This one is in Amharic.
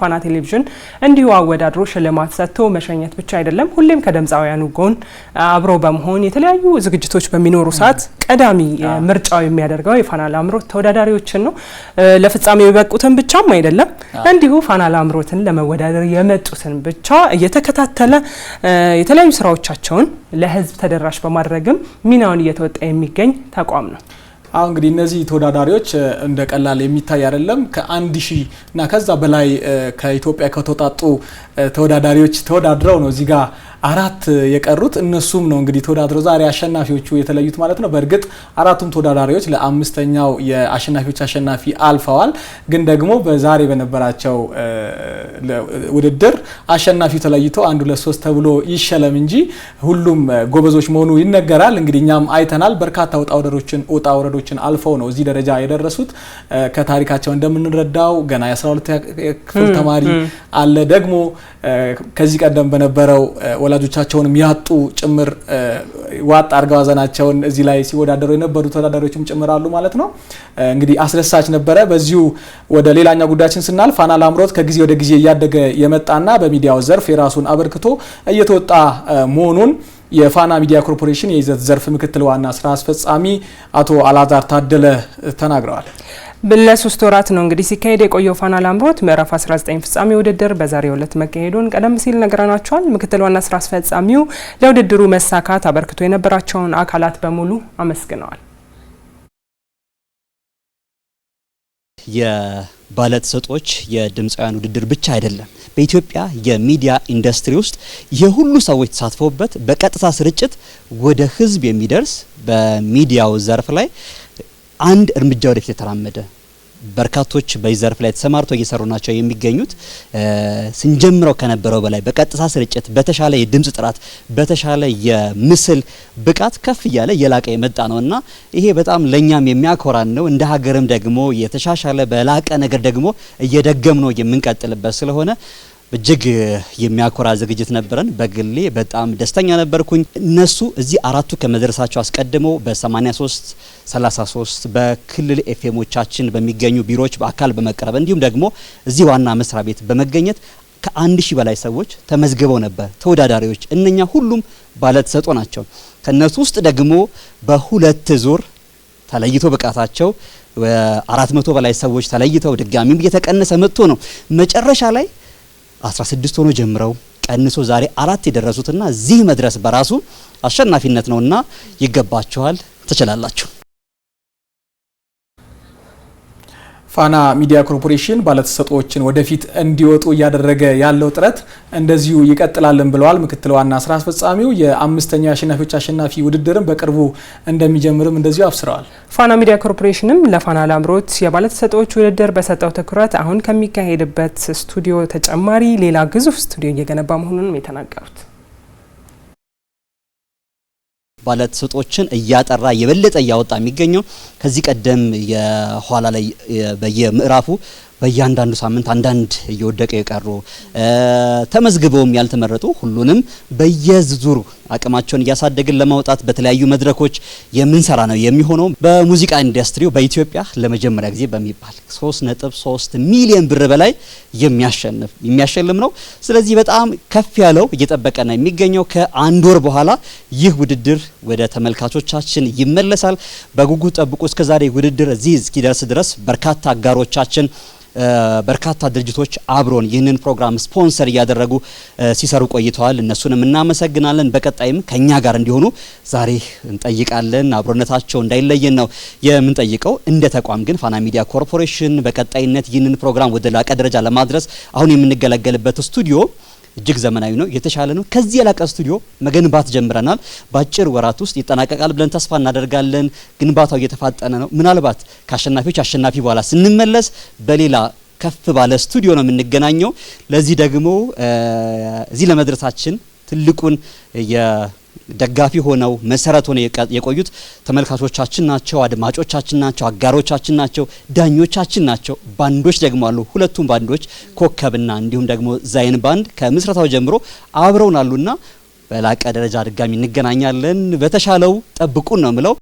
ፋና ቴሌቪዥን እንዲሁ አወዳድሮ ሽልማት ሰጥቶ መሸኘት ብቻ አይደለም፣ ሁሌም ከድምፃውያኑ ጎን አብሮ በመሆን የተለያዩ ዝግጅቶች በሚኖሩ ሰዓት ቀዳሚ ምርጫው የሚያደርገው የፋና ላምሮት ተወዳዳሪዎችን ነው። ለፍጻሜ የበቁትን ብቻም አይደለም፣ እንዲሁ ፋና ላምሮትን ለመወዳደር የመጡትን ብቻ እየተከታተለ የተለያዩ ስራዎቻቸውን ለህዝብ ተደራሽ በማድረግም ሚናውን እየተወጣ የሚገኝ ተቋም ነው። አሁን እንግዲህ እነዚህ ተወዳዳሪዎች እንደ ቀላል የሚታይ አይደለም። ከአንድ ሺህ እና ከዛ በላይ ከኢትዮጵያ ከተወጣጡ ተወዳዳሪዎች ተወዳድረው ነው እዚህ ጋር አራት የቀሩት እነሱም ነው እንግዲህ ተወዳድረው ዛሬ አሸናፊዎቹ የተለዩት ማለት ነው። በእርግጥ አራቱም ተወዳዳሪዎች ለአምስተኛው የአሸናፊዎች አሸናፊ አልፈዋል። ግን ደግሞ በዛሬ በነበራቸው ውድድር አሸናፊው ተለይቶ አንዱ ለሶስት ተብሎ ይሸለም እንጂ ሁሉም ጎበዞች መሆኑ ይነገራል። እንግዲህ እኛም አይተናል። በርካታ ውጣ ውረዶችን ውጣ ውረዶችን አልፈው ነው እዚህ ደረጃ የደረሱት። ከታሪካቸው እንደምንረዳው ገና የ12 ክፍል ተማሪ አለ ደግሞ ከዚህ ቀደም በነበረው ወላጆቻቸውንም ያጡ ጭምር ዋጥ አድርገው ሀዘናቸውን እዚህ ላይ ሲወዳደሩ የነበሩ ተወዳዳሪዎችም ጭምር አሉ ማለት ነው። እንግዲህ አስደሳች ነበረ። በዚሁ ወደ ሌላኛው ጉዳያችን ስናል ፋና ላምሮት ከጊዜ ወደ ጊዜ እያደገ የመጣና በሚዲያው ዘርፍ የራሱን አበርክቶ እየተወጣ መሆኑን የፋና ሚዲያ ኮርፖሬሽን የይዘት ዘርፍ ምክትል ዋና ስራ አስፈጻሚ አቶ አላዛር ታደለ ተናግረዋል። ለሶስት ወራት ነው እንግዲህ ሲካሄድ የቆየው ፋና ላምሮት ምዕራፍ 19 ፍጻሜ ውድድር በዛሬው ዕለት መካሄዱን ቀደም ሲል ነግረናቸዋል። ምክትል ዋና ስራ አስፈጻሚው ለውድድሩ መሳካት አበርክቶ የነበራቸውን አካላት በሙሉ አመስግነዋል። የባለተሰጦች የድምፃውያን ውድድር ብቻ አይደለም በኢትዮጵያ የሚዲያ ኢንዱስትሪ ውስጥ የሁሉ ሰዎች ተሳትፎበት በቀጥታ ስርጭት ወደ ህዝብ የሚደርስ በሚዲያው ዘርፍ ላይ አንድ እርምጃ ወደፊት የተራመደ በርካቶች በዚህ ዘርፍ ላይ ተሰማርተው እየሰሩ ናቸው የሚገኙት። ስንጀምረው ከነበረው በላይ በቀጥታ ስርጭት በተሻለ የድምፅ ጥራት በተሻለ የምስል ብቃት ከፍ እያለ እየላቀ የመጣ ነው እና ይሄ በጣም ለእኛም የሚያኮራን ነው። እንደ ሀገርም ደግሞ የተሻሻለ በላቀ ነገር ደግሞ እየደገም ነው የምንቀጥልበት ስለሆነ እጅግ የሚያኮራ ዝግጅት ነበረን። በግሌ በጣም ደስተኛ ነበርኩኝ። እነሱ እዚህ አራቱ ከመድረሳቸው አስቀድሞ በ83 33 በክልል ኤፍኤሞቻችን በሚገኙ ቢሮዎች በአካል በመቅረብ እንዲሁም ደግሞ እዚህ ዋና መስሪያ ቤት በመገኘት ከአንድ ሺህ በላይ ሰዎች ተመዝግበው ነበር ተወዳዳሪዎች። እነኛ ሁሉም ባለተሰጥኦ ናቸው። ከእነሱ ውስጥ ደግሞ በሁለት ዙር ተለይቶ ብቃታቸው አራት መቶ በላይ ሰዎች ተለይተው ድጋሚም እየተቀነሰ መጥቶ ነው መጨረሻ ላይ 16 ሆኖ ጀምረው ቀንሶ ዛሬ አራት የደረሱትና እዚህ መድረስ በራሱ አሸናፊነት ነውና ይገባችኋል፣ ትችላላችሁ። ፋና ሚዲያ ኮርፖሬሽን ባለተሰጥኦዎችን ወደፊት እንዲወጡ እያደረገ ያለው ጥረት እንደዚሁ ይቀጥላልን ብለዋል ምክትል ዋና ስራ አስፈጻሚው። የአምስተኛ አሸናፊዎች አሸናፊ ውድድርን በቅርቡ እንደሚጀምርም እንደዚሁ አብስረዋል። ፋና ሚዲያ ኮርፖሬሽንም ለፋና ላምሮት የባለተሰጥኦዎች ውድድር በሰጠው ትኩረት አሁን ከሚካሄድበት ስቱዲዮ ተጨማሪ ሌላ ግዙፍ ስቱዲዮ እየገነባ መሆኑንም የተናገሩት ባለተሰጦችን እያጠራ የበለጠ እያወጣ የሚገኘው ከዚህ ቀደም የኋላ ላይ በየምዕራፉ በእያንዳንዱ ሳምንት አንዳንድ እየወደቀ የቀሩ ተመዝግበውም ያልተመረጡ ሁሉንም በየዙሩ አቅማቸውን እያሳደግን ለማውጣት በተለያዩ መድረኮች የምንሰራ ነው የሚሆነው። በሙዚቃ ኢንዱስትሪው በኢትዮጵያ ለመጀመሪያ ጊዜ በሚባል 3.3 ሚሊዮን ብር በላይ የሚያሸንፍ የሚያሸልም ነው። ስለዚህ በጣም ከፍ ያለው እየጠበቀ ነው የሚገኘው። ከአንድ ወር በኋላ ይህ ውድድር ወደ ተመልካቾቻችን ይመለሳል። በጉጉት ጠብቁ። እስከዛሬ ውድድር እዚህ እስኪደርስ ድረስ በርካታ አጋሮቻችን በርካታ ድርጅቶች አብሮን ይህንን ፕሮግራም ስፖንሰር እያደረጉ ሲሰሩ ቆይተዋል። እነሱንም እናመሰግናለን። በቀ በቀጣይም ከኛ ጋር እንዲሆኑ ዛሬ እንጠይቃለን። አብሮነታቸው እንዳይለየን ነው የምንጠይቀው። እንደ ተቋም ግን ፋና ሚዲያ ኮርፖሬሽን በቀጣይነት ይህንን ፕሮግራም ወደ ላቀ ደረጃ ለማድረስ አሁን የምንገለገልበት ስቱዲዮ እጅግ ዘመናዊ ነው፣ የተሻለ ነው። ከዚህ የላቀ ስቱዲዮ መገንባት ጀምረናል። በአጭር ወራት ውስጥ ይጠናቀቃል ብለን ተስፋ እናደርጋለን። ግንባታው እየተፋጠነ ነው። ምናልባት ከአሸናፊዎች አሸናፊ በኋላ ስንመለስ በሌላ ከፍ ባለ ስቱዲዮ ነው የምንገናኘው። ለዚህ ደግሞ እዚህ ለመድረሳችን ትልቁን ደጋፊ ሆነው መሰረት ሆነው የቆዩት ተመልካቾቻችን ናቸው፣ አድማጮቻችን ናቸው፣ አጋሮቻችን ናቸው፣ ዳኞቻችን ናቸው። ባንዶች ደግሞ አሉ። ሁለቱም ባንዶች ኮከብና እንዲሁም ደግሞ ዛይን ባንድ ከምስረታው ጀምሮ አብረውን አሉና በላቀ ደረጃ ድጋሚ እንገናኛለን። በተሻለው ጠብቁን ነው ምለው።